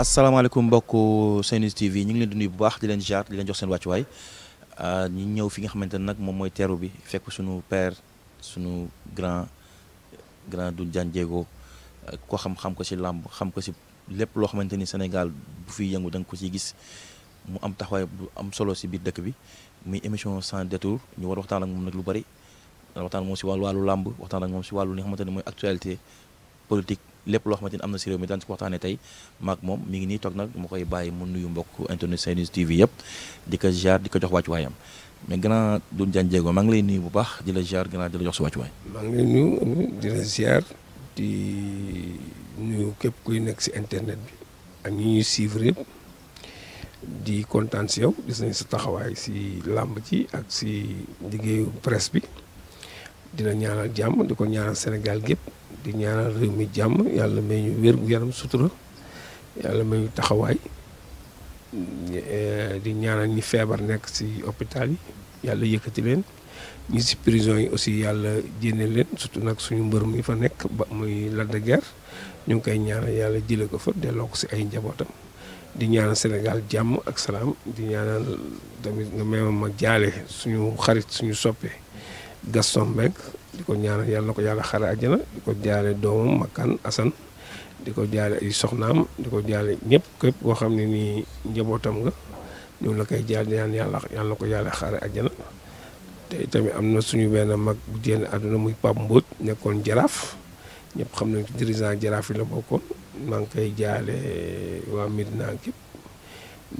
asalaamaaleykum mbokk Saint-Louis TV ñu ngi leen di nuyu bu baax di leen jaar di leen jox seen wàccuwaay ah, ñu ñëw fi nga xamante ne nag moom mooy teeru bi fekk suñu père suñu grand grand Doudou Diagne Diégo ko xam-xam ko ci làmb xam ko ci lépp loo xamante ni Sénégal bu fi yëngu danga nga ko ciy gis mu am taxawaay bu am solo ci biir dëkk bi muy émission sans détour ñu war waxtaan ak moom nag lu bari waxtaan moom ci wàllu wàllu làmb waxtaan ak moom ci wàllu li nga xamante ne mooy actualité politique lépp loo xamante amna am na si réew mi daan si ko waxtaanee tey maak moom mi ngi nii toog nag ma koy bàyyi mu nuyu mbokk internet saint TV yëpp di ko ziar di ko jox wàccuwaayam mais gannaaw Doudou Diagne Diégo maa ngi lay nuyu bu baax di la ziar gannaaw di la jox sa wàccuwaay. maa ngi lay nuyu di la ziar di nuyu képp kuy nekk si internet bi ak ñi ñuy suivre di kontaan si yow gis nañ sa taxawaay si làmb ci ak si liggéeyu presse bi di la ñaanal jàmm di ko ñaanal Sénégal gépp di ñaanal réew mi jàmm yàlla may ñu wér gu yaram sutura yàlla may ñu taxawaay eh, di ñaanal ñi feebar nekk ci hôpital yi yàlla yëkkati leen ñi ci prison yi aussi yàlla jénne leen surtout nag suñu mbër mi fa nekk ba muy Lac de Guiers ñu ngi koy ñaanal yàlla jële ko fa delloo ko ci ay njabootam di ñaanal Sénégal jàmm ak salaam di ñaanal tamit nga meema ma jaale suñu xarit suñu soppee Gaston Mbengue di ko ñaanal yàlla na ko yàlla xare àjjana di ko jaale doomam makkan asan di ko jaale ay soxnaam di ko jaale ñëpp képp koo xam ne nii njabootam nga ñoom la koy jaal yàlla yàlla na ko yàlla xare àjjana te tamit am na suñu benn mag bu génn àdduna muy Pape Mbodj nekkoon jaraaf ñëpp xam nañ ci dirigeant jaraaf la bokkoon maa ngi koy jaale waa Medina képp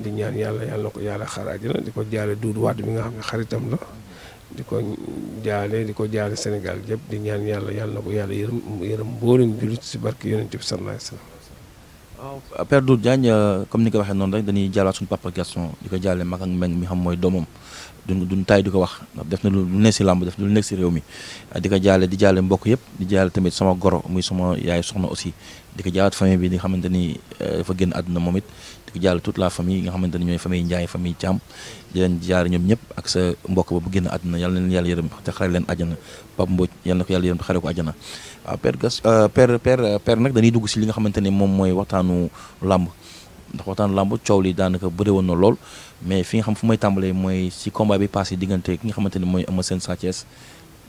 di yàlla yàlla ko yàlla xare àjjana di ko jaale duud waat bi nga xam ne xaritam la di ko jaale di ko jaale Sénégal yëpp di ñaan yàlla yàlla na ko yàlla yërëm yërëm mboolem jullit si barke yonent bi sallallahu alayhi wa sallam. Euh, comme ni ko waxee noonu rek dañuy jaalaat suñu Papa Gaston di ko jaale mag ak meg mi xam mooy doomam duñ duñ di ko wax ndax def na lu nekk si làmb def na nekk si réew mi di ko jaale di jaale mbokk yëpp di jaale tamit sama goro muy sama yaay soxna aussi di ko jaalaat famille bi di xamante ni euh, dafa génn àdduna moom it di tout la famille nga xamante ne ñooy famille Ndiaye famille Thiam di leen jaar ñoom ñëpp ak sa mbokk ba bu génn àdduna yal na leen yàlla yërëm te xare leen àjjana Pape Mbodj yal na ko yàlla yërëm te xare ko àjjana waaw père gas euh, père père nag dañuy dugg si li nga xamante ne moom mooy waxtaanu làmb ndax waxtaanu làmb coow li daanaka bëri woon na lool mais fi nga xam fu may tàmbalee mooy si combat bi passé diggante ki nga xamante mooy Eumeu Sène Sa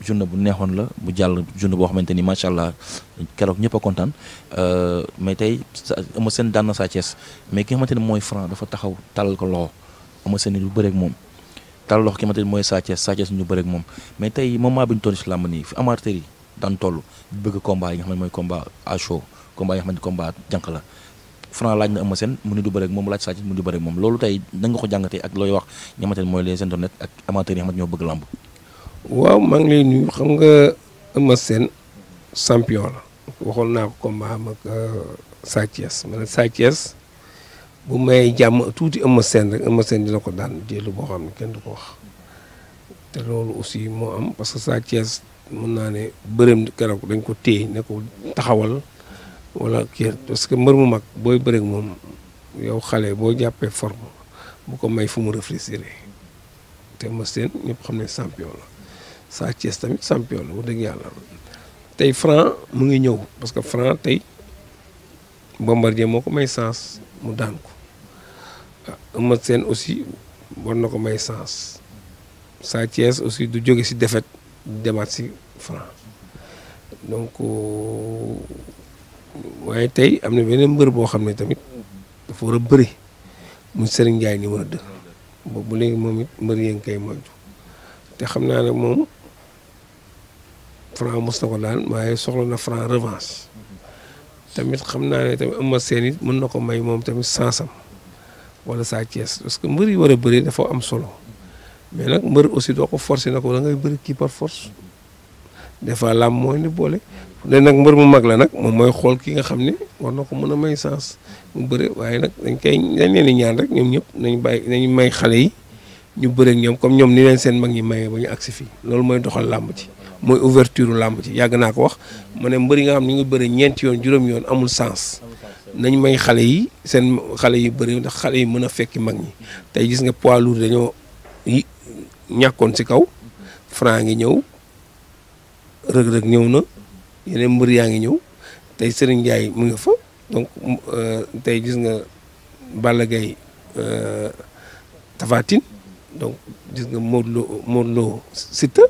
journée bu neexoon la bu jàll journée boo xamante ni macha allah keroog ñëpp a kontaan euh, mais tey ama seen daan na Sa Thiès mais ki nga xamante ne mooy Franc dafa taxaw tàllal ko loxo ama seen du bëreeg moom tàllal loxo ki xamante ne mooy Sa Thiès Sa Thiès ñu bëreeg moom mais tey moment bi ñu toll si làmb nii fi amateur yi daan toll bëgg combat yi nga xam ne mooy combat à chaud combat yi nga xam ne combat jànq la Franc laaj na ama seen mu ni du bëreeg moom laaj Sa Thiès mu ni du bëreeg moom loolu tey nga ko jàngatee ak looy wax ñi xamante ne mooy les internet ak amateurs yi nga ñoo bëgg waaw man ngi lay xam nga Eumeu Sène champion la waxoon naa ko combat am ak euh, Sa Thiès ma ne bu may jàmm tuuti Eumeu Sène rek Eumeu Sène dina ko daan jëlu boo xam ne kenn du ko wax te loolu aussi moo am parce que Sa mën naa ne bërëm keroog dañ ko téye ne ko taxawal wala kii parce que mbër mu mag booy bëreeg moom yow xale boo jàppee forme bu ko may fu mu réfléchir te Eumeu Sène ñëpp xam ne sampion la Sa Thiès tamit champion la wax dëgg yàlla tey Franc mu ngi ñëw parce que Franc tey Bombardier moo ko may sens mu daan ko ah, Eumeu Sène aussi war na ko may sens Sa Thiès aussi du jóge ci défaite demaat si Franc donc euh, waaye tey am na beneen mbër boo xam ne tamit dafa war a bëri mu Serigne Ndiaye ni war a dëkk boobu léegi moom it mbër yee ngi koy moytu te xam naa ne moom franc mos na ko daan waaye soxla na franc revanche tamit xam naa ne tamit Eumeu Sène it mën na ko may moom tamit sansam wala Sa Thiès parce que mbër yi war a bëri dafa am solo mais nag mbër aussi doo ko forcer na ko da ngay bëri kii par force des fois làmb mooy ni boole ne nag mbër mu mag la nag moom mooy xool ki nga xam ne war na ko mën a may sance mu bëri waaye nag dañ koy dañ leen di ñaan rek ñoom ñëpp nañ bàyyi nañ may xale yi ñu bëri ak ñoom comme ñoom ni leen seen mag ñi mayee ba ñu agsi fii loolu mooy doxal làmb ci mooy ouverture làmb ci yàgg naa ko wax ma ne mbëri nga xam ni ñu ngi bëri ñeenti yoon juróom yoon amul sens nañ may xale yi seen xale yu bëri ndax xale yi mën a fekki mag ñi tey gis nga poids lourd dañoo ñàkkoon ci kaw Franc ngi ñëw Reug Reug ñëw na yeneen mbër yaa ngi ñëw tey Serigne Ndiaye mu nga fa donc euh, tey gis nga Balla Gaye euh, Tapha Tine donc gis nga Modou Lo Modou Lo Siteu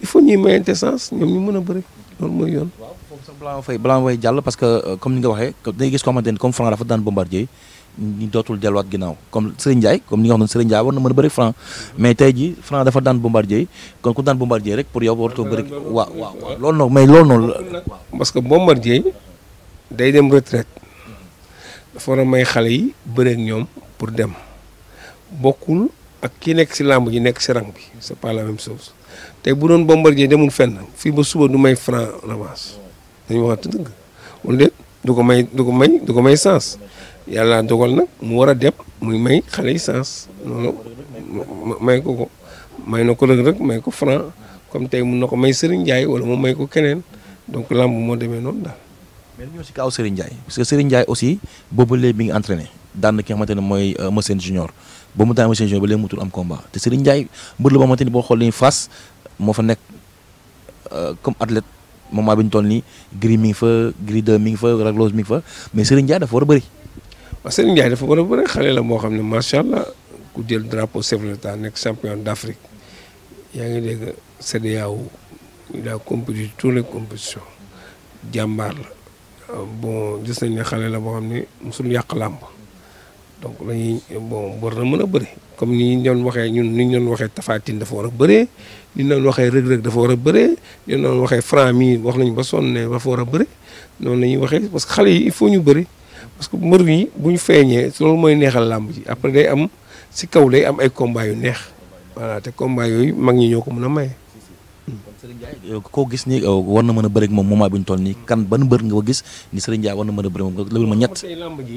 il faut ñuy mayante sens ñoom ñu mën a bëri loolu mooy yoon. waaw foofu sax balaa ma fay jàll parce que euh, comme ni nga waxee day gis ko xamante ni comme Franc dafa daan bombardier ñu dootul delluwaat ginnaaw comme Serigne Ndiaye comme ni nga xam ne Serigne Ndiaye war na mën a bëri Franc mais tey jii Franc dafa daan bombardier kon ku daan bombardier rek pour yow warutoo bëri waaw waaw waaw loolu noonu mais loolu noonu. parce que bombardier day dem retraite dafa may xale yi bëreeg ñoom pour dem bokkul ak ki nekk si làmb ji nekk si rang bi c'est pas tey bu doon Bombardier demul fenn fii ba suba du may franc revanche dañu waxante dëgg wala du ko may du ko may du ko may sens yàlla dogal nag mu war a dem muy may xale yi sens loolu may ko ko may na ko Reug Reug may ko franc comme tey mun na ko may Serigne Ndiaye wala moom may ko keneen donc lamb moo demee noonu daal. mais ñoo si kaw Serigne Ndiaye parce que Serigne Ndiaye aussi boobu léegi bi ngi entraîné daan na ki xamante ne mooy euh, Massène Junior ba mu daan Massène Junior ba léegi mu tul am combat te Serigne Ndiaye mbër la boo moo fa nekk euh, comme athlète moment bi ñu toll nii Gris mi ngi fa Gris de mi ngi fa Raglos mii fa mais Serigne Ndiaye dafa war a bari waaw Serigne Ndiaye dafa war a bëri xale la moo xam ne macha allah ku jël drapeau chef de l'État nekk champion d'Afrique yaa ngi dégg CEDEAO daa compétit tous les compétitions jàmbaar la bon gis nañ ne xale la boo xam ne mosul yàq làmb donc lañuy bon war na mën a bëri comme ni ñu doon waxee ñun ni ñu doon tafatin dafa war a bëree ni ñu doon waxee rëg-rëg dafa war a bëree ni ñu doon franc mi wax nañu ba sonn ne dafa war a bëri noonu la ñuy parce que xale yi il faut ñu bëri parce que mbër yi bu ñu feeñee loolu neexal làmb ji après day am si kaw day am ay combat yu neex voilà te combat yooyu mag ñi ñoo ko mën a gis ni war na mën ak toll kan ban mbër nga ko gis ni Serigne Ndiaye war na mën a bëri ma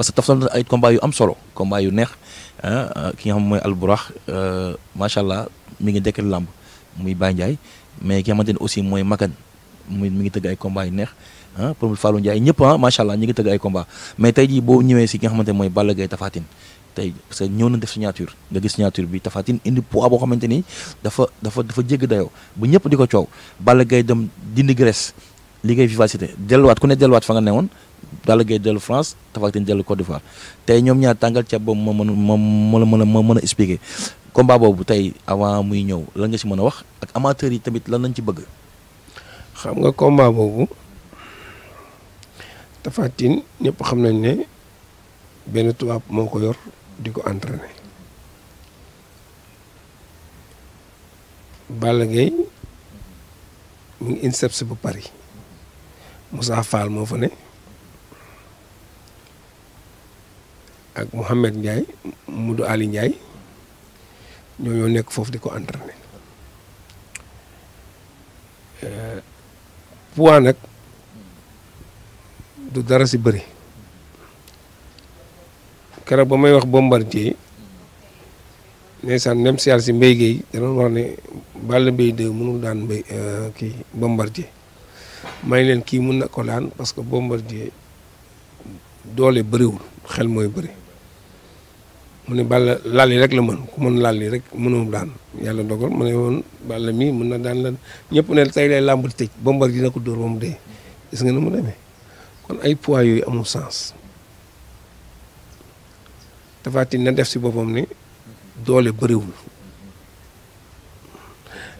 parce que taftal na ay combat yu am solo combat yu neex ah, ah, ki nga xam mooy alburax euh, macha allah mu ngi dekkal làmb muy Baye Ndiaye mais ki nga xamante aussi mooy Makan muy mi ngi tëgg ay combat yu neex ah pour Fallou Ndiaye ñëpp ah macha allah ñu ngi tëgg ay combat mais tey jii boo ñëwee si nga xamante mooy ball gay Tapha Tine tey parce que ñëw na def signature nga gis signature bi tafaatin indi poids boo xamante ni dafa dafa dafa jégg dayoo bu ñëpp di ko coow Balla gay dem dindi graisse liggéey vivacité delluwaat ku ne delluwaat fa nga newoon Balla Gaye dellu France Tapha Tine dellu Côte d'Ivoire tey ñoom ñaar tàngal ca boobu ma mën ma mën a ma mën a expliquer combat boobu tey avant muy ñëw lan nga wax ak amateurs yi tamit lan lañ ci bëgg. xam nga combat boobu Tapha Tine xam nañ ne benn tubaab moo yor di ko entraîner Balla Gaye mu ngi INSEPS bu Paris Fall fa ne. ak Mouhamed Ndiaye Moudou Ali Ndiaye ñoo ñoo nekk foofu di ko entraîné euh, poids nag du dara si bëri keroog ba may wax Bombardier ndeysaan même si yàlla si mbéy géey da doon wax ne Balla Gaye 2 mënul daan mbéy euh, kii Bombardier may leen kii mun na ko laan parce que Bombardier doole bëriwul xel mooy bëri mu ne Balla laal yi rek la mën ku mën laal rek mënoo daan yàlla dogal mu ne woon Balla mi mën na daan la ñëpp ne tey lay làmb di tëj dina ko dóor ba mu dee gis nga ni mu demee kon ay poids yooyu amul sens tafaati na def si boppam ni doole bëriwul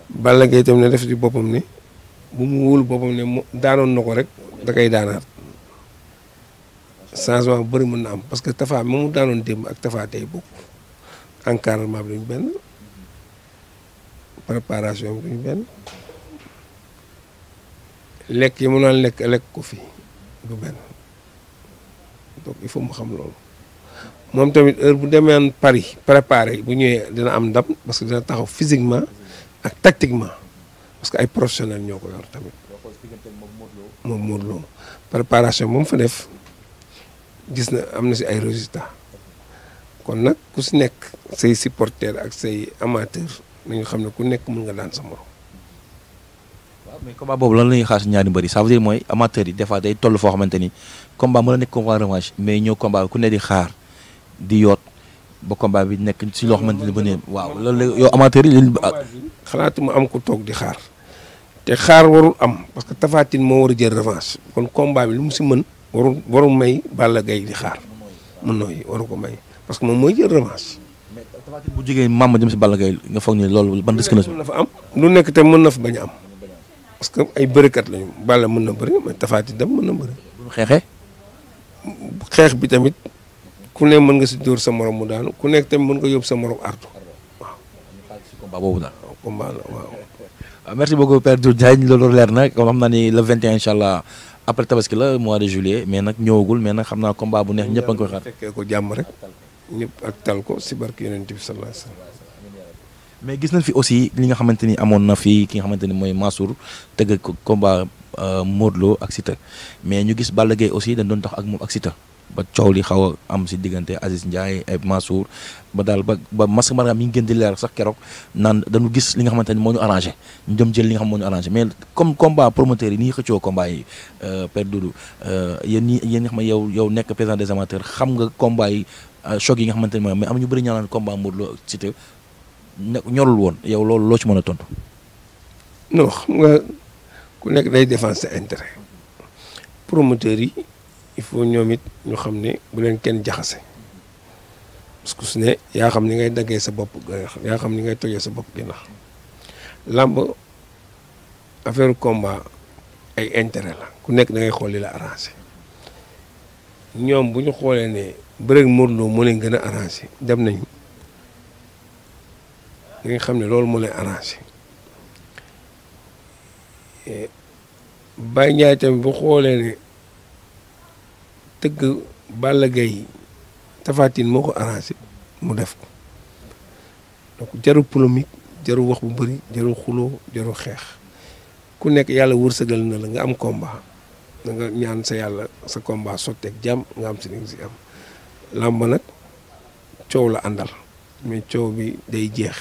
Balla Gaye tam na def si boppam ni bu mu wóolu boppam ne mu daanoon na ko rek da koy daanaat changement bu bëri mën na am parce que Tafa mu daanoon démb ak Tafa tey bokk encadrement bi duñ benn préparation bi duñ benn lekk yi mu lekk lekk ko fi du benn donc il faut mu xam loolu moom tamit heure bu Paris préparé bu ñëwee dina am ndam parce que dina taxaw physiquement ak tactiquement parce que ay professionnels ñoo ko yor tamit moom Modou préparation moom fa def gis na am na si ay résultats kon nag ku si nekk say supporters ak say amateurs nañu xam ne ku nekk mën nga daan sa morom. waaw mais combat boobu lan la ñuy xaar si ñaari mbër yi mooy amateurs yi des fois day toll foo xamante ni combat mën a nekk ko combat revanche mais ñëw combat ku ne di xaar di yoot ba combat bi nekk si loo xamante ni ba ne waaw loolu yow amateurs yi leen. Ah. xalaatu mu am ku toog di xaar. te xaar warul am parce que Tapha moo war a jël revanche kon combat bi lu mu si mën. waru waru may Balla gay di xaar mu nooy waru ko may parce que moom mooy jël revanche. bu jigéen maam dem si Balla gay nga foog ni loolu ban risque la si. fa am lu nekk te mën na fa bañ a am parce que ay bërikat lañu Balla mën na bëri mais tafaati dem na bëri. bu xeexee. xeex bi tamit ku ne mën nga si dóor sa morom mu daanu ku nekk tamit mën nga yóbbu sa morom artu waaw. boobu daal combat la waaw. merci beaucoup Père Doudou loolu leer na kon xam naa ni le 21 incha allah. après tabaski la mois de juillet mais nag ñëwagul mais nag xam naa combat bu neex ñëpp a ngi koy xaar. ko jàmm rek ñëpp ak tal ko si barke yonent bi sallallahu alayhi wasallam mais gis nañ fi aussi li nga xamante ni amoon na fi ki nga xamante ni mooy Mansour tëgg combat euh, Modou Lo ak Siteu mais ñu gis Balla Gaye aussi dañ doon tax ak moom ak Siteu ba coow li xaw a am si diggante Aziz Ndiaye ay Mansour ba daal ba ba masque maanaam mi ngi gën di leer sax keroog naan dañu gis li nga xamante ni moo ñu arrangé ñu dem jël li nga xam moo ñu arrangé mais comme combat promoteur yi nii xëccoo combat yi euh, Père Doudou euh, yéen ñi yéen nga xam ne yow yow nekk président des amateurs xam nga combat yi euh, choc yi nga xamante ni mais am ñu bëri ñaanaan combat Modou Lo Siteu ñorul woon yow loolu loo ci mën a tontu. non xam nga ku nekk day défense sa intérêt promoteurs yi. il faut ñoom it ñu xam ne bu leen kenn jaxase parce su ne yaa xam ni ngay daggee sa bopp yaa xam ni ngay tojee sa bopp ginnaaw làmb affaire combat ay intérêt la ku nekk da ngay xool li la arrangé ñoom bu ñu xoolee ne bëreeg Modou Lo moo leen gën a arrangé dem nañ da nga xam ne loolu moo leen arrangé Baye tamit bu xoolee ne. tëgg Balla Gaye Tapha moo ko arrangé mu def ko donc jarul polémique jarul wax bu bëri jaru xuloo jarul xeex ku nekk yàlla wërsëgal na la nga am combat danga ñaan sa yàlla sa combat sotteeg jàmm nga am si li nga si am làmb nag coow la àndal mais coow bi day jeex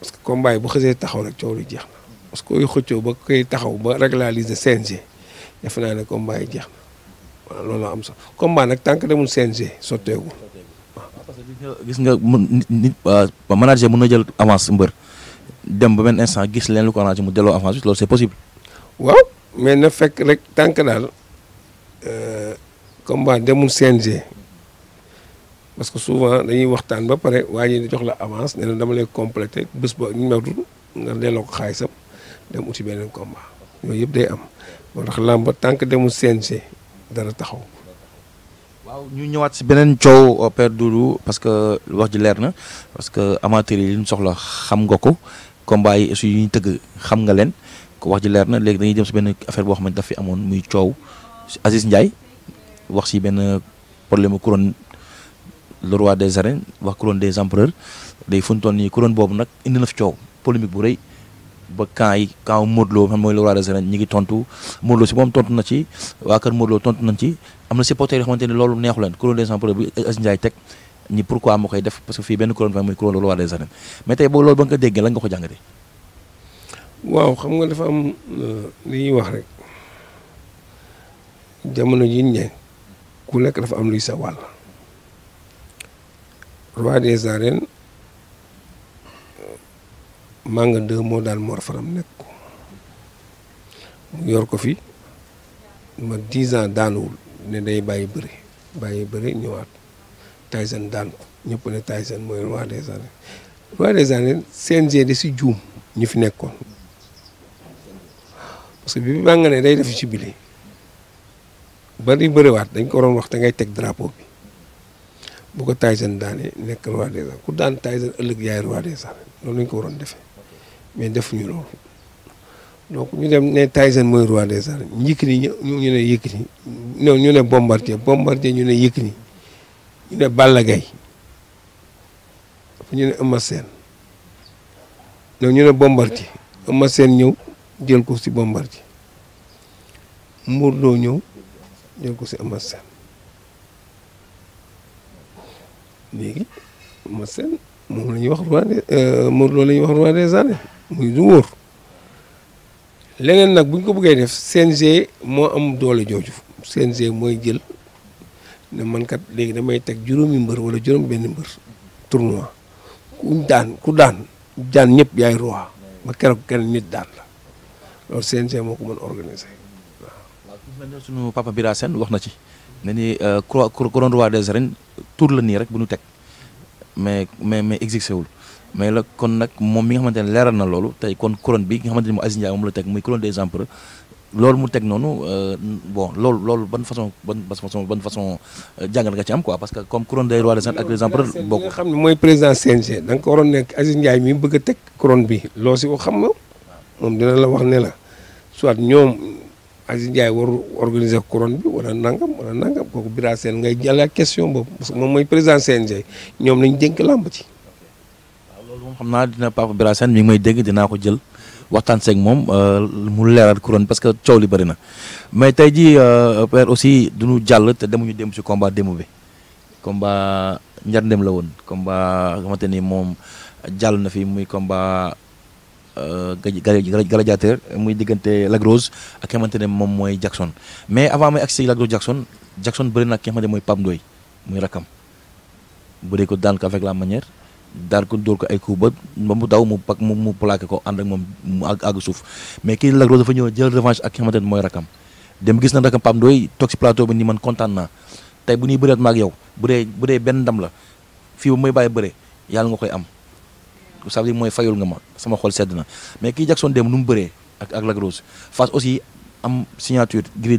parce que combat yi bu xësee taxaw rek coow li jeex na parce que koy xëccoo ba koy taxaw ba régulariser CNG def naa ne combat yi jeex na waaw loolu am sax combat nag tant que demul CNG sotteeku. parce que gis nga nit ah, manager mën na jël avance mbër dem ba benn instant gis leen lu ko arrangé mu delloo avance bi loolu c'est possible. waaw mais na fekk rek tant que daal combat euh, demul CNG parce que souvent dañuy waxtaan ba pare waa ji di jox la avance nee na dama lay complété bés ba ñu matul nga delloo ko xaalisam dem uti beneen combat yooyu yëpp day am moo tax làmb tant que demul CNG. taxaw. waaw ñu ñëwaat si beneen coow euh, Père du parce que wax ji leer na parce que amateurs yi soxla xam nga ko combat yi aussi yu ñu tëgg xam nga leen ko wax ji leer na léegi dañuy dem si benn affaire boo xam ne daf fi amoon muy coow Aziz Ndiaye wax si benn problème mu couronne le des arènes wax couronne des empereurs day funtoon nii couronne boobu nag indi na fi coow polémique bu rëy. ba camp yi camp Modou Lo xam mooy ngi tontu Modou si moom tontu na ci waa kër Modou ci am na supporters yoo xamante ne loolu neexu leen couronne des empereurs bi Aziz koy def parce que fii benn couronne fa muy nga ko xam nga dafa am euh, li ñuy wax rek jamono ji ñu ne ku nekk dafa am luy sa wàll roi des arènes Manga 2 moo daal Mor Faram nekk mu yor ko fi ma 10 ans daanuwul ne day bàyyi bëri bàyyi bëri ñëwaat Tyson daan ko ñëpp ne Tyson mooy roi des arènes roi des arènes CNG di si juum ñu fi nekkoon parce que bi Manga ne day def ci bile ba di bëriwaat dañ ko waroon wax te ngay teg drapeau bi bu ko Tyson daane nekk roi des arènes ku daan Tyson ëllëg yaay roi des arènes loolu lañ ko waroon defee. mais defuñu loolu donc ñu dem ne Tyson mooy roi des arènes Yékini ñu ñu ne Yékini non ñu ne Bombardier Bombardier ñu ne Yékini ñu ne Balla Gaye ñu ne Eumeu Sène ñu ne Bombardier Eumeu Sène ñëw jël ko si Bombardier Modou Lô ñëw jël ko si Eumeu Sène léegi Eumeu moom la ñuy wax roi des euh, Modou doo la ñuy wax roi des arènes muy du wóor leneen nag buñ ko buggee def CNG moo am doole jooju CNG mooy jël ne man kat léegi damay teg juróomi mbër wala juróom benn mbër tournoi ku daan ku daan daan ñëpp yaay roi ba keroog kenn nit daan la loolu CNG moo ko mën organiser waaw. waaw sunu papa Bira Sène wax na ci. ne ni couronne euh, roi des arènes tour la nii rek bu ñu teg mais mais mais exigé wul. mais la kon nag moom mi nga xamante ne leeral na loolu tey kon couronne bi nga xamante ne mu Aziz Ndiaye moom la teg muy couronne des empereurs loolu mu teg noonu euh, bon loolu loolu ban façon ban façon ban façon euh, jàngal nga ci am quoi parce que comme couronne des rois des saints ak des empereurs bokk nga xam ne mooy président CNG da nga ko waroon nekk Aziz Ndiaye mi bëgg a teg couronne bi loo si xam nga moom dina la wax ne la soit ñoom Aziz Ndiaye waru organiser couronne bi wala nangam wala nangam kooku bira seen ngay jàll ak question boobu parce que moom mooy président CNG ñoom lañ dénk làmb ci xam dina Papa Bira Sène mi ngi may dégg dinaa ko jël waxtaan seeg moom euh, mu leeral couronne parce que coow li bëri na mais tey ji euh, père aussi duñu jàll te demuñu dem ci combat démb bi combat njar ndem la woon combat xamante ni moom jàll na fi muy combat euh, gladiateur muy diggante Lagrose ak xamante ne moom mooy Jackson mais avant may agsi Lagrose Jackson Jackson bëri na ak ki nga xamante mooy Pape Ndoye muy rakam bëri ko daan ko avec la manière daal ko dóor ko ay coup ba ba mu daw mu pak mu plaqué ko ànd ak moom mu àgg àgg suuf mais kii Lac Rose dafa ñëw jël revanche ak ki xamante ne mooy rakam dem gis na rakam Pam Ndoye toog si plateau bi ni man kontaan naa tey bu ñuy bëreet ma ak yow bu dee bu dee benn ndam la fii ba muy bàyyi bëre yàlla nga koy am ça veut dire mooy fayul nga ma sama xol sedd na mais kii Jackson dem nu mu bëree ak ak Lac Rose aussi am signature Gris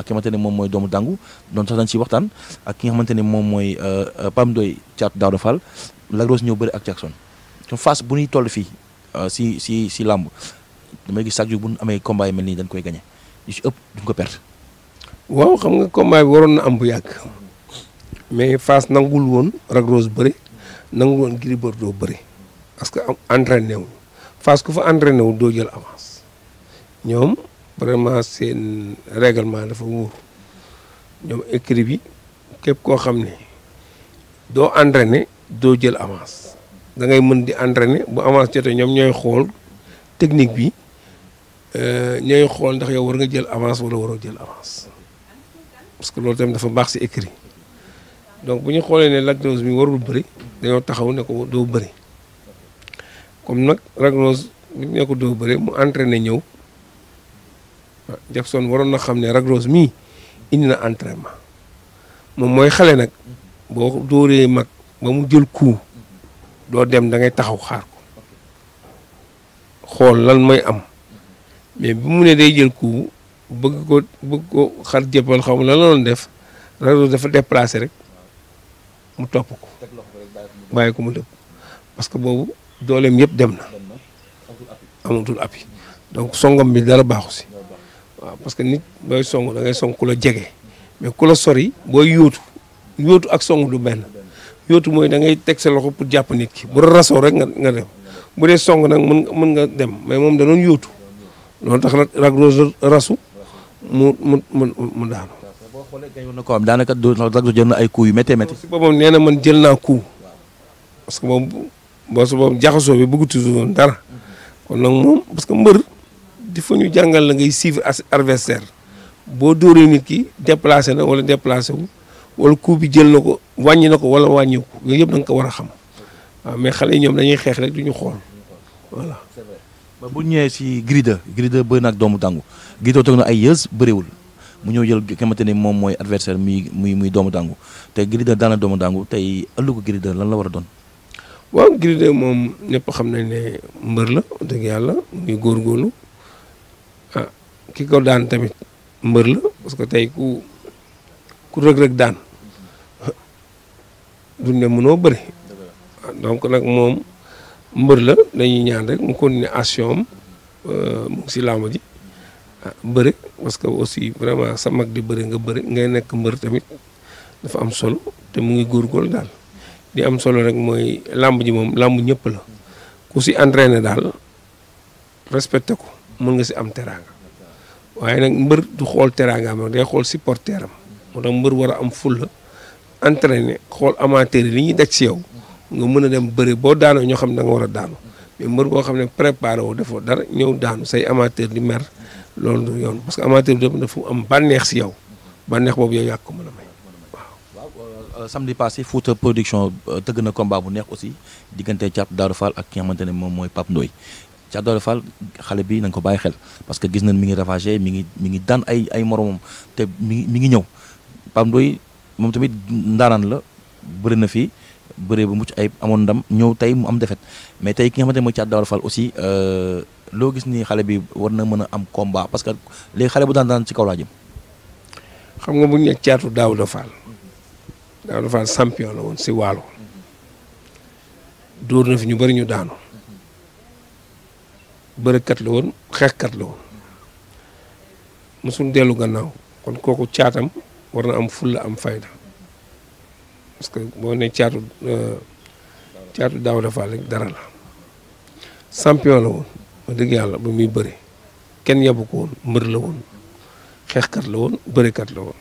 ak ki nga xamante ne moom mooy doomu dàngu doon sax dañ ci waxtaan ak ki nga xamante ne moom mooy euh, euh, Pam Doy Thiatou Daouda Fall Lac Rose ñëw bëri ak Jackson te face bu ñuy toll fii euh, si si si làmb damay gis chaque jour bu nu amee combat mel nii dañ koy gagné yu si ëpp duñ ko perte. waaw xam nga combat bi waroon na am bu yàgg mais face nangul woon Lac Rose bëri nangul woon Gris Bordeaux bëri parce que am entraîné wu face ku fa entraîné wu doo jël avance vraiment seen règlement dafa wóor ñoom écrit bi képp koo xam ne doo entraîné doo jël avance da ngay mën di entraîné bu avance jotee ñoom ñooy xool technique bi euh, ñooy xool ndax yow war nga jël avance wala waroo jël avance parce que loolu tamit dafa baax si écrit donc bu ñu xoolee ne Lac bi warul bëri dañoo taxaw ne ko doo bëri comme nag Lac Rose ne ko doo bëri mu entraîné ñëw. Jackson waroon na xam ne Lac Rose mii indi na entraînement moom mooy xale nag boo dóoree mag ba mu jël coup doo dem da ngay taxaw xaar ko xool lan mooy am mais bi mu ne day jël coup bëgg ko bëgg ko xar jëppal xaw ma lan la doon def Lac dafa déplacé rek mu topp ko bàyyi ko mu dëpp parce que boobu dooleem yëpp dem na amatul appui donc songom bi dara baaxu si waaw parce que nit booy song da ngay song la jege mais ku la sori booy yootu yóotu ak song du benn yootu mooy da ngay teg sa loxo pour jàpp nit ki bu rasoo rek nga nga dem bu dee song nag mën mën nga dem mais moom da doon loolu tax nag Lac Rose rasu mu mu mu mu daanu. boo xoolee gañoon na ko am daanaka du Lac Rose jël na ay coups yu méttee nee na man jël naa coup parce que moom boo su bi bëggu toujours nag moom parce que mbër. di fa ñu jàngal la ngay suivre adversaire boo dóoree nit ki déplacé na wala déplacé wu wala coup bi jël na ko wàññi na ko wala wàññiwu ko yooyu yëpp danga ko war a xam mais xale ñoom dañuy xeex rek du ñu xool voilà. bu ñëwee si Grida Grida bëri nag doomu dàngu Grida na ay yës bëriwul mu ñëw jël xamante ni moom mooy adversaire muy muy muy doomu dàngu te gride daana doomu dàngu tey ëllëgu Grida lan la war a doon. waaw Grida moom ñëpp xam nañ ne mbër la dëgg yàlla muy góorgóorlu. ki ko daan tamit mbër la parce que tey ku ku rëg-rëg daan du ne mënoo bëri donc nag moom mbër la dañuy ñaan rek mu continuer action am euh, mu ngi si ji ah, bëri parce que aussi vraiment sa mag di bëri nga bëri ngay nekk mbër tamit dafa am solo te mu ngi gol daal di am solo rek mooy làmb ji moom làmb ñëpp la ku si respecté ko mën nga si am teraanga waaye nag mbër du xool teraangaam rek day xool supporter am moo tax mbër war a am fulla entraîné xool amateur yi li ñuy daj si yow nga mën a dem bëri boo daanoo ñoo xam ne da war a daanu mais mbër boo xam ne préparé woo defoo dara ñëw daanu say amateur di mer loolu du yoon parce que amateur bi dafa am bànneex si yow bànneex boobu yooyu yàq ko mën a may waaw. samedi passé Fouta production euh, tëgg na combat bu neex aussi diggante Thiatou Daouda Fall ak ki nga ne moom mooy Pape Ndoye Thiat Daouda Fall xale bi nañ ko bàyyi xel parce que gis nañ mi ngi ravagé mi ngi mi ngi daan ay ay moromam te mi ngi mi ngi ñëw pam Ndoye moom tamit ndaanaan la bëri na fii bëree bu mucc ay amoon ndam ñëw tey mu am defet mais tey ki nga xamante ne mooy Thiat Daouda Fall aussi euh, loo gis ni xale bi war na mën a am combat parce que léegi xale bu daan daan ci kaw laa xam nga bu ñu nekk Thiatou si waalo dóor na fi ñu bëri ñu daanu. bërëkat la woon xeexkat la woon mosul dellu gannaaw kon kooku caatam war na am fulla am fayda parce que boo ne caatu euh, caatu daaw dafa rek dara la champion la woon ma dëgg yàlla ba muy bëri kenn yabu ko woon mbër la woon xeexkat la woon bërikat la woon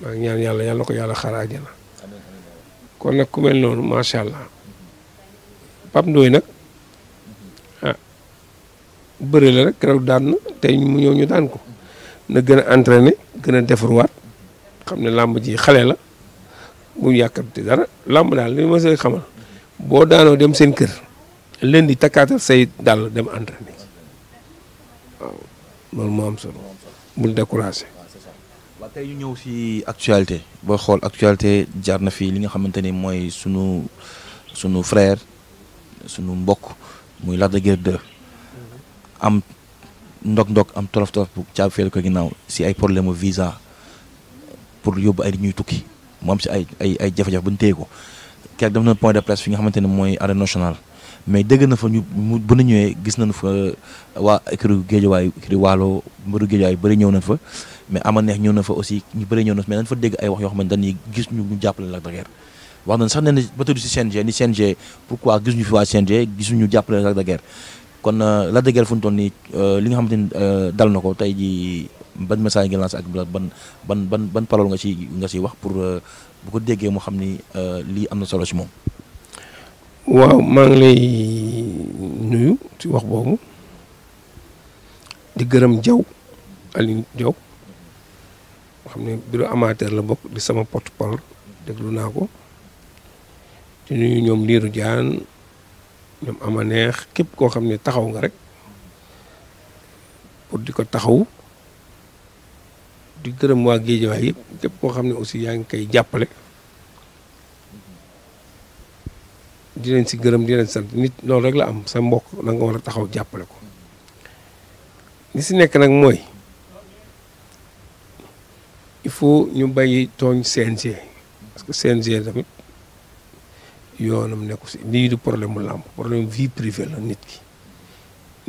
maa ñaan yàlla yàlla ko yàlla xaar àjjana kon nag ku noonu macha allah Pape Ndoye nag bëre la rek keroog daan na mu ñëw ñu daan ko na gën a entraîné gën a defarwaat xam ji xale la bu dara ma xamal dem seen kër leen di say dem waaw am solo bul découragé. waaw tey ñu si actualité boo xool actualité jaar na fi li nga sunu sunu frère sunu mbokk muy Lac de 2 am ndog-ndog am tolof tolof bu caabi feelu ko ginnaaw si ay problème mu visa pour yóbbu ay ñuy tukki moom si ay ay ay jafe-jafe bu ñu téye ko keroog def na point de presse fi nga xamante ne mooy arène national mais dégg na fa ñu mu bu ñëwee gis nañu fa euh, waa écurie Guédiawaye écurie Waalo mbëru Guédiawaye bëri ñëw nañ fa mais ama neex ñëw na fa aussi ñu bëri ñëw na fa mais dañ fa dégg ay wax yoo xam ne dañuy gis ñu ñu jàppale Lac de Guiers wax nañ sax nee na ba tudd si CNG ni CNG pourquoi gis ñu fi waa CNG gisuñu jàppale Lac de Guiers kon Lac de Guiers fu ñu toll nii li nga xamante ni euh, dal na ko ban message nga lancé ak ban ban ban ban parole nga ci nga ci wax pour euh, bu ko déggee mu xam ni euh, lii am na solo ci moom. waaw maa ngi lay nuyu ci wax boobu di gërëm jaw Aliou Diaw xam ne amateur la bokk di sama porte-parole déglu nako ko di nuyu ñoom liiru jaan ñoom a neex képp koo xam ne taxaw nga rek pour di ko taxaw di gërëm waa Géejawaay yëpp képp koo xam ne aussi yaa ngi koy jàppale di leen si gërëm di sant nit loolu rek la am sa mbokk la nga taxaw jàppale ko li si nekk nag mooy il faut ñu bàyyi tooñ CNG parce que CNG tamit yoonam nekku si lii du problème mu làmb problème vie privée la nit ki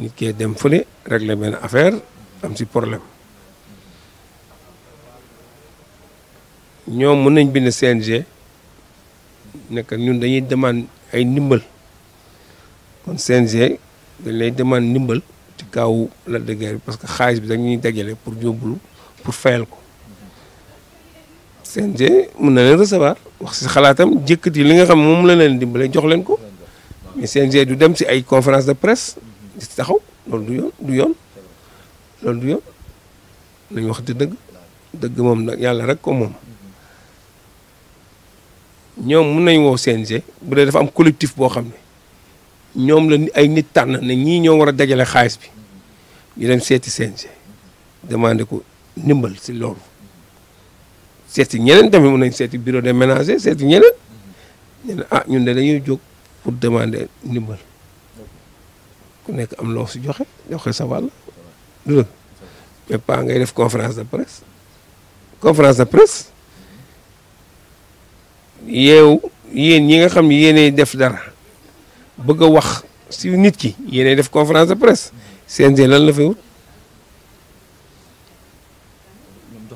nit kee dem fële régler benn affaire am si problème ñoom mun nañ bind CNG nekk ñun dañuy demande ay ndimbal kon CNG dañ lay demande ndimbal ci kaw la de bi parce que xaalis bi dañuy dajale pour yóbbulu pour fayal ko CNG mën na leen recevoir wax si xalaatam jëkkati li nga xam moom la leen dimbale jox leen ko mais CNG du dem si ay conférence de presse di taxaw loolu du yoon du yoon loolu du yoon nañu wax di dëgg dëgg moom nag yàlla rek ko moom ñoom mun nañ woo CNG bu dee dafa am collectif boo xam ne ñoom la ay nit tànn ne ñii ñoo war a dajale xaalis bi ñu dem seeti CNG demandé ko ndimbal si loolu seeti ñeneen tamit mun nañ seeti bureau de ménagers seeti ñeneen ñu ne ah ñun de dañuy jóg pour demander ndimbal ku nekk am loo si joxe joxe sa wàll du dëgg mais pas ngay def conférence de presse conférence de ñi nga xam ne yéenay def dara bëgg a wax si nit ki yéenay def conférence de presse CNG lan la fay wut.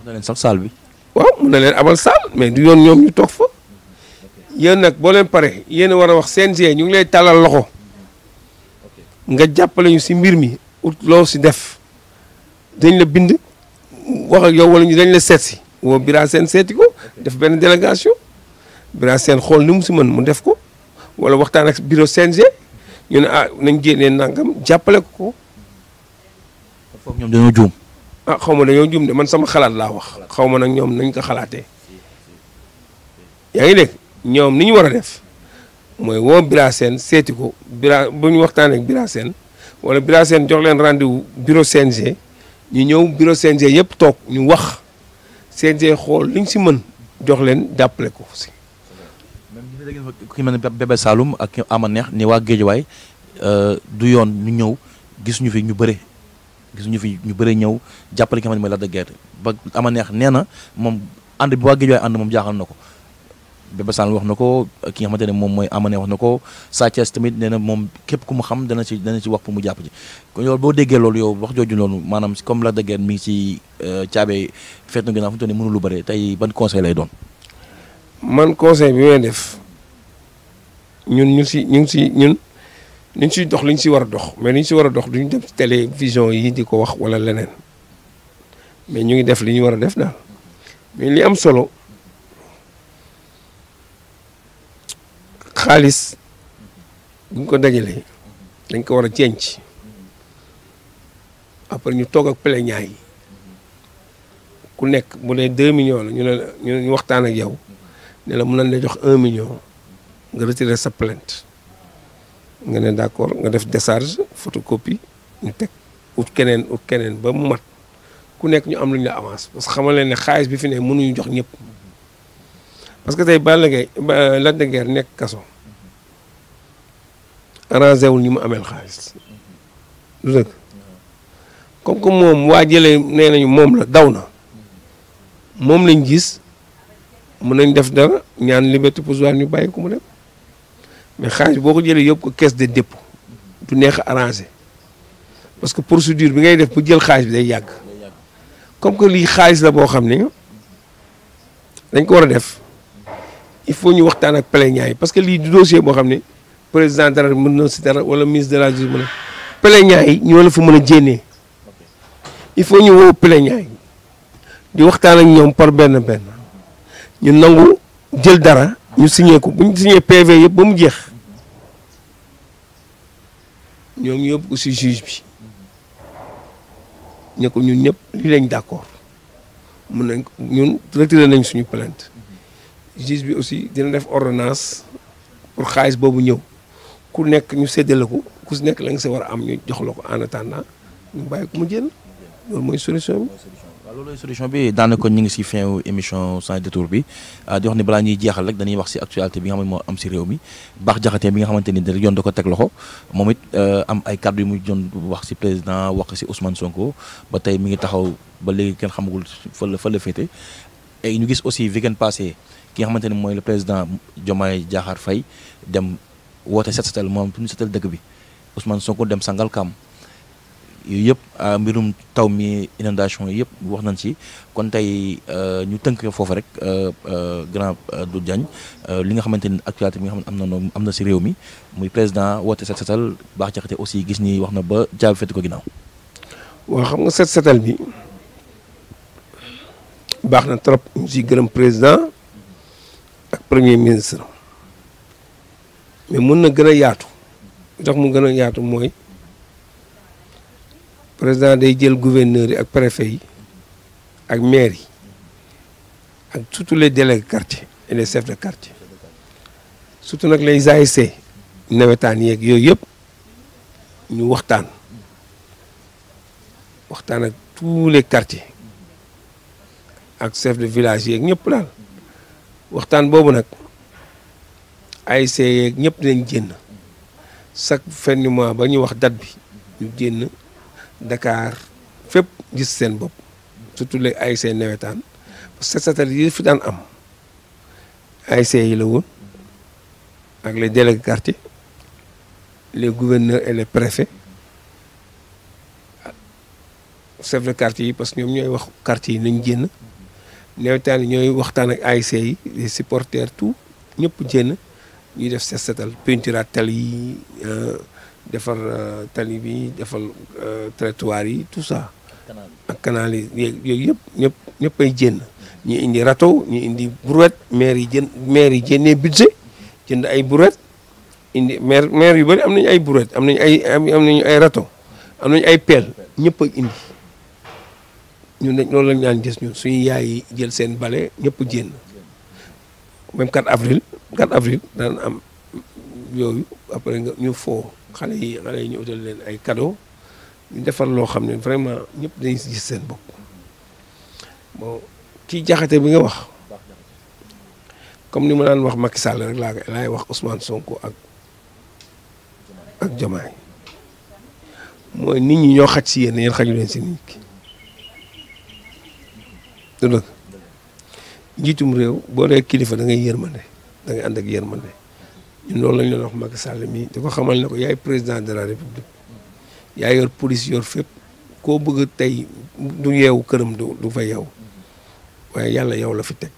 na leen sax salle bi. waaw mun na leen abal saal mais du yoon ñoom ñu toog fa yéen nag boo leen pare yéen war a wax CNG ñu ngi lay tàllal loxo nga jàppale ñu si mbir mi ut loo si def dañ la bind wax yow wala ñu dañ la seet si woo Bira Sène seeti ko def benn délégation Bira Sène xool ni mu si mën mu def ko wala waxtaan ak bureau CNG ñu ne ah nañ génnee nangam jàppale ko ko. foofu ñoom dañoo juum. ah xaw ma dañoo jum de man sama xalaat laa wax xaw ma nag ñoom nañ ko xalaatee yaa ngi dégg ñoom ni ñu war a def mooy woo Bira Sène seeti ko Bira bu ñu waxtaanee ak Bira Sène wala Bira Sène jox leen rendez-vous bureau CNG ñu ñëw bureau CNG yëpp toog ñu wax CNG xool liñ si mën jox leen jàppale ko si. ki mën ne Bébé Saloum ak Ama Neex ni waa Géejawaay euh, du yoon ñu ñëw gis ñu fi ñu bëre gis ñu fi ñu bëri ñëw jàppale ki nga xam ne mooy Lac de Guiers ba ama neex na moom ànd bi waa Guédiawaye ànd moom jaaxal na ko Bébé Saloum wax na ko ki nga xamante ne moom mooy ama neex wax na ko Sa Thiès tamit nee na moom képp ku mu xam dana si dana ci wax pour mu jàpp ci ko loolu boo déggee loolu yow wax jooju loolu maanaam comme Lac de Guiers mi ngi ci euh, caabe feet na ginnaaw fu mu toll nii mënu lu bëri tey ban conseil lay doon man conseil bi may def ñun ñu si ñun niñ siy dox liñ si war a dox mais liñ si war a dox duñ dem télévision yi di ko wax wala leneen mais ñu ngi def li ñu war a def daal mais li am solo xaalis buñ ko dajale dañ ko war a jenc après ñu toog ak plaignant yi ku nekk bu dee deux millions la ñu ne ñu waxtaan ak yow ne la mën nañ la jox un million nga retirer sa plainte nga ne d'accord nga def décharge photocopie ñu teg ut keneen ut keneen ba mu mat ku nekk ñu am lu ñu la avance parce que xamal leen ne xaalis bi fi ne mënuñu jox ñëpp parce que tey Balla Gaye Lac de nekk kaso arrangé wul ñu mu ameel xaalis du dëgg comme que moom waa jëlee nee nañu moom la daw na moom lañ gis mën nañ def dara ñaan liberté provisoire ñu bàyyi ko mu dem mais xaalis boo ko jëlee yóbbu ko caisse de dépôt du neex a parce que procédure bi ngay def bu jël xaalis bi day yàgg comme que lii xaalis la boo xam ne dañ ko war a def il faut ñu waxtaan ak plaignant yi parce que lii du dossier boo xam ne président dara mën na si dara wala ministre de la justice mën na plaignant yi ñoo la fa mën a jénnee il faut ñu woo plaignant yi di waxtaan ak ñoom par benn benn ñu nangu jël dara. ñu signé ko bu ñu signé PV yëpp ba mu jeex ñoom yëpp aussi juge bi ne ko ñun ñëpp li lañ d'accord mun nañ ko ñun retiré nañ suñu plainte juge bi aussi dina def ordonnance pour xaalis boobu ñëw ku nekk ñu seddale ko ku si nekk la nga si war a am ñu jox la ko en attendant ñu bàyyi ko mu jël loolu mooy solution bi. loolu solution bi ko ñu ngi si fin émission sans détour bi ah, di wax ni balaa ñuy jeexal rek dañuy wax si actualité bi nga xam ne moo am si réew mi baax bi nga xamante ni yoon da ko teg loxo moom it eh, am ay kàddu yu muy doon wax si président wax si Ousmane Sonko ba tey mi ngi taxaw ba léegi kenn xamagul fa la fa la féete et ñu gis aussi weekend passé ki nga xamante ni mooy le président Diomaye Diakhar Faye dem woote set setal moom pour ñu setal dëkk bi Ousmane Sonko dem Sangalkam yooyu yëpp ah, mbirum taw mi inondation yëpp wax nañ si kon tey euh, ñu tënk foofu rek euh, euh, grand du Diagne li nga xamante ni actualité bi nga xam ne am na noonu am na si réew mi muy président woote set setal baax jaxate aussi gis ni wax na ba jaabi fett ko ginnaaw waaw xam nga set setal bi baax na trop ñu si gërëm président ak premier ministre mais mun na gën a yaatu li tax mu gën a yaatu mooy président day jël gouverneur ak préfet ak maire ak surtout les délégués quartier et les chefs de quartier surtout nak les ASC nawetaan ak yooyu yëpp ñu waxtaan waxtaan ak tous les quartiers ak chef de village ak ñep dal waxtaan bobu nak ASC yeeg ñep dañ jenn chaque fin du ba ñu wax date bi ñu jenn Dakar fépp gis seen bopp surtout les ASC nawetaan set setal yi fi daan am ASC yi la woon ak les délégués quartier les gouverneurs et les préfets chef de quartier parce que ñoom ñooy wax quartier yi nañ génn nawetaan yi ñooy waxtaan ak ASC yi les supporters tout ñëpp génn ñuy def set setal peinturaat tali yi euh, defar euh, tali bi defal euh, trottoir yi tout ça. ak canal yi yooyu yëpp ay jénn ñu indi râteau ñu indi brouette maire yi jën maire yi jénnee budget jënd ay brouette indi maire maire yu bëri am nañu ay brouette am nañu ay am nañu ay râteau am nañu ay pelle ñëpp ak indi ñun dañ loolu lañ daan gis ñun suñu yaay yi jël seen bale ñëpp jénn même 4 avril 4 avril am yooyu après ñu foo xale yi xale yi ñu utal leen ay cadeau ñu defar loo xam ne vraiment ñëpp dañu gis seen bopp bon kii jaxate bi nga wax comme ni ma daan wax Macky Sall rek laa laay wax Ousmane Sonko ak ak Diomaye mooy nit ñi ñoo xaj si yéen yéen xaju si nit ki du réew boo dee kilifa da ngay yërmande da ngay ànd ak yërmande ñun loolu lañ leen wax Macky Sall mii di ko xamal ne ko yaay président de la république yaa yor police yor fépp koo bëgg tey du yeewu këram du du fa yeewu waaye yàlla yow la fi teg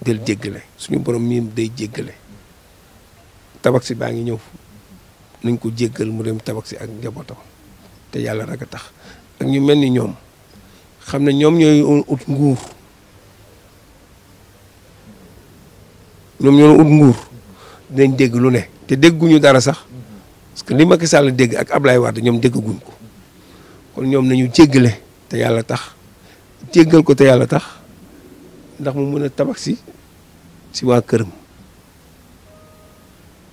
del jéggale suñu borom mii day jéggale tabax si baa ngi ñëw nañ ko jéggal mu dem tabax si ak njabootam te yàlla rek a tax ak ñu mel ni ñoom xam ne ñoom ñooy ut nguur ñoom ñoo ut nguur dinañ dégg lu ne te dégguñu dara sax parce que li Macky Sall dégg ak Ablaye Wade ñoom déggaguñ ko kon ñoom nañu jéggale te yàlla tax jéggal ko te yàlla tax ndax mu mën a tabax si si waa këram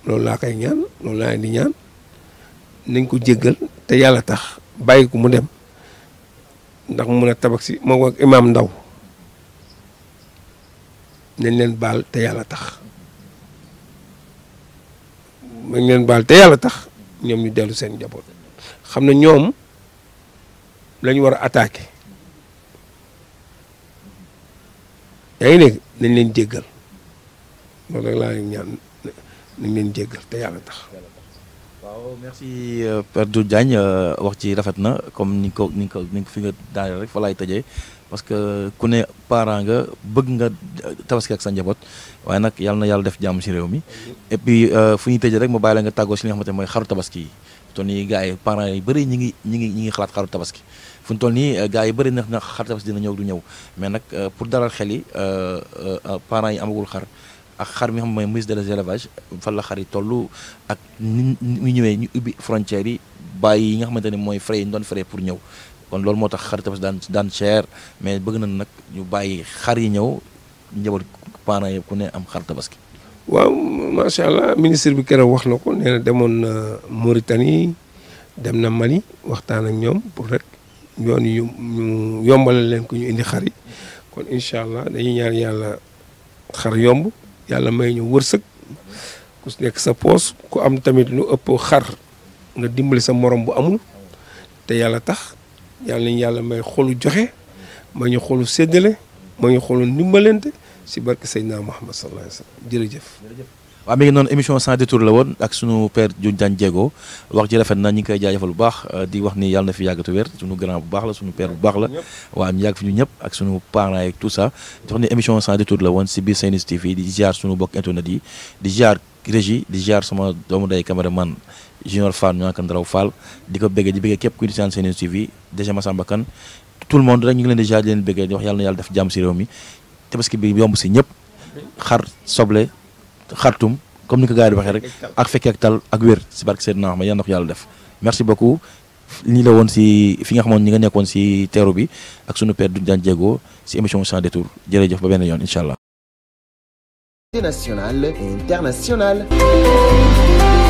loolu laa koy ñaan loolu laa ni ñaan nañ ko jéggal te yàlla tax bàyyi ko mu dem ndax mu mun a tabax si moo ak imaam Ndaw nañ leen baal te yàlla tax dañ leen baal te yàlla tax ñoom ñu dellu seen njaboot xam ne ñoom la ñu war a attaqué yaa ngi nañ leen jéggal loolu rek laa ñaan nañ leen jéggal te yàlla tax waaw merci euh, Père Doudou Diagne euh, wax ci rafet na comme ni ko ni ko ni ko fi nga daaneel fa laay tëjee parce que ku ne parent nga bëgg nga euh, tabaski ak sa njaboot waaye nag yàlla na yàlla def jàmm si réew mi et fu ñuy tëjee rek ma nga tàggoo si li nga xamante ne mooy xaru tabaski yi toll nii gars yi parents bëri ñi ngi ñi ngi ñi ngi xalaat xaru tabaski fu ñu toll nii gars yi bëri na xaru tabaski dina ñëw du ñëw mais nag pour daral xel yi parent yi amagul xar ak xar mi xam mooy ministre des élevages fan la xar yi toll ak ni ñëwee ñu ubbi frontières yi bàyyi yi nga xamante ne mooy frais yi ñu doon frais pour ñëw kon loolu moo tax xar tabaski daan daan cher mais bëgg nañ nag ñu bàyyi xar yi ñëw njaboot parents yëpp ku ne am xar tabaski. waaw macha allah ministre bi keroog wax na ko nee na demoon na Mauritanie dem na Mali waxtaan ak ñoom pour rek yoon yu ñu yombalal leen ko ñu indi xar yi kon incha allah dañuy ñaan yàlla xar yomb. yàlla may ñu wërsëg ku nekk sa poos ku am tamit lu ëpp xar nga dimbali sa morom bu amul te yàlla tax yàlla nañu yàlla may xolu joxe may ñu xolu séddale may ñu xolu ndimbalante si barke Seydina Muhammad sallallahu alayhi wa sallam jërëjëf. waaw mi ngi noonu émission sans détour la woon ak sunu père Diagne Diego wax ji rafet na ñu ngi koy jaajëfal bu baax euh, di wax ni yàlla na fi yàggatu wér sunu grand bu baax la sunu per bu baax la waaw ñu yàgg fi ñu ñëpp ak sunu parents yeeg tout ça di wax ni émission sans détour la woon si biir Sen News TV di ziar sunu bokk internet yi di ziar régie di ziar sama doomu day cameraman Junior Fall ñu naan di ko bëggee di képp ku ñu seen Sen News TV déjà tout le monde rek ñu ngi leen di ziar di leen bëggee di wax yàlla si réew mi soble xartum comme ni ko gars yi di waxee rek ak fekkee ak tal ak wér si barke Seydina Ahmad yàlla na ko yàlla def merci beaucoup lii la woon si fi nga xamoon ni nga nekkoon si teeru bi ak sunu père Doudou Diagne Diégo si émission sans détour jërëjëf ba benn yoon incha allah. nationale